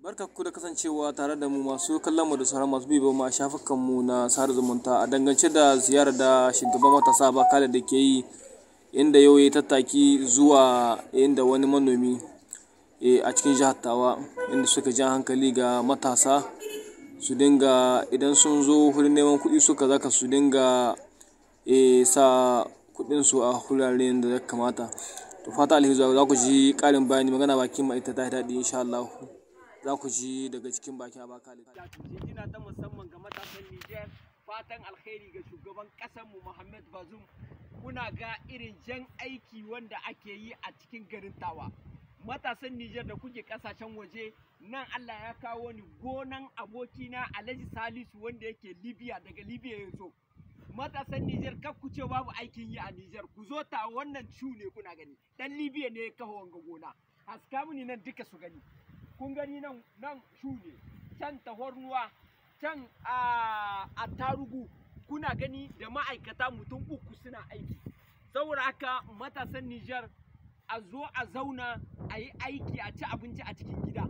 Barka ku da kasancewa tare da mu masu kallon mu da sauran masu bi mu ma shafukan mu na sada zumunta a dangance da ziyarar da shugaban matasa kala da ke yi inda yau ya tattaki zuwa inda wani manomi eh, a cikin jihar Tawa inda suka ja hankali ga matasa su dinga idan sun zo wurin neman kuɗi suka zaka su dinga eh, sa kuɗin su a hularen da ya kamata to fata alhizu za ku ji ƙarin bayani magana bakin ma ita ta daɗi insha Allah za ku ji daga cikin bakin abakali. Jinjina ta musamman ga matasan Nijar fatan alheri ga shugaban mu Muhammad Bazoum kuna ga irin jan aiki wanda ake yi a cikin garin tawa. Matasan Nijar da kuke kasashen waje nan Allah ya kawo ni gonan abokina Alhaji Salisu wanda yake Libya daga Libya ya zo. Matasan Nijar kar ku ce babu aikin yi a Nijar ku zo ta wannan cu ne kuna gani. Dan Libya ne ya kawo wanga gona. Haska mini nan duka su gani. kun gani nan nan shu ne can tahornuwa can a attarugu kuna gani da ma'aikata mutum uku suna aiki saboda haka matasan Nijar a zo a zauna a yi aiki a ci abinci a cikin gida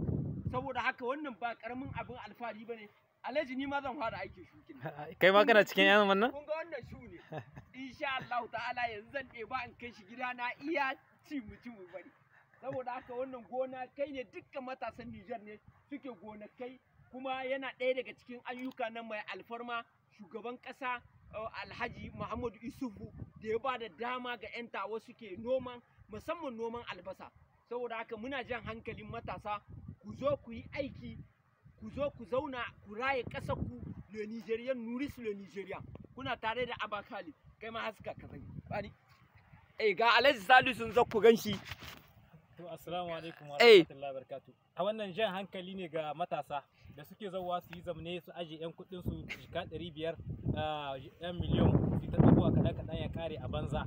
saboda haka wannan ba karamin abin alfahari bane Alhaji ni ma zan fara aikin shukin. Kai ma kana cikin yan wannan? Kun ga wannan shu ne. Insha Allah ta'ala yanzu zan ɗeba in kai shi gida na iya ci mu ci mu bari. saboda haka wannan gona kai ne dukkan matasan Nijar ne suke gona kai kuma yana ɗaya daga cikin ayyuka na mai alfarma shugaban ƙasa uh, Alhaji Muhammadu Isufu da ya ba da dama ga 'yan tawa suke noman musamman noman albasa saboda haka muna jan hankalin matasa ku zo ku yi aiki ku zo ku zauna ku raye ƙasar ku le nijeriya Nuris le nijeriya kuna tare da Abakali kai ma haska ka bani eh ga Alhaji Salisu sun zo ku ganshi To assalamu alaikum wa rahmatullahi barakatu. A wannan jan hankali ne ga matasa da suke zauwa su yi zamne su aje yan kuɗin su jika ɗari biyar yan miliyon su ta kaɗan kaɗan ya kare a banza.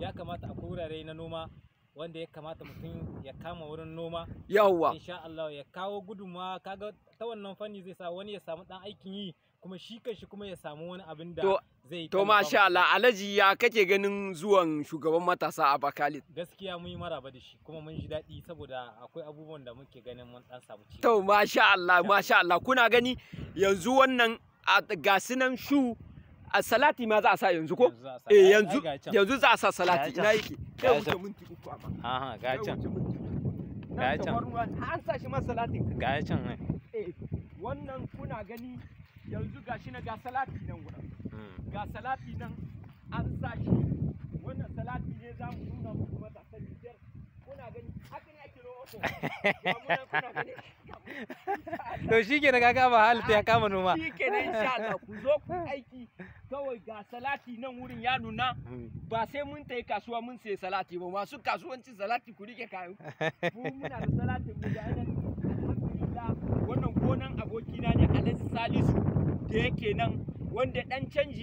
Ya kamata a wurare na noma wanda ya kamata mutum ya kama wurin noma yawwa insha Allah ya kawo gudunmawa kaga ta wannan fanni zai sa wani ya samu dan aikin yi kuma shi kanshi kuma ya samu wani abin da zai to masha Allah alaji ya kake ganin zuwan shugaban matasa a Bakalit gaskiya mun yi maraba da shi kuma mun ji daɗi saboda akwai abubuwan da muke ganin mun dan samu ci to masha Allah masha Allah kuna gani yanzu wannan ga sunan shu a salati ma za a sa yanzu ko eh yanzu yanzu za a sa salati ina yake kai wuce minti uku amma ha ha ga can ga can an sa shi ma salati ga can eh wannan kuna gani yanzu ga shi na ga salati nan gura hmm. ga salati nan an sa shi wannan salati ne za mu nuna muku mata sani biyar kuna gani haka ne ake noma ko to shi ke na kaka ba halitta ya kama noma shi ke na insha Allah ku zo ku aiki kawai ga salati nan wurin ya nuna hmm. ba sai mun ta yi kasuwa mun sayi salati ba masu kasuwancin salati ku rike kayo mu muna da salati mu da alhamdulillah wannan gonan abokina ne Alhaji Salisu da yake nan wanda dan canji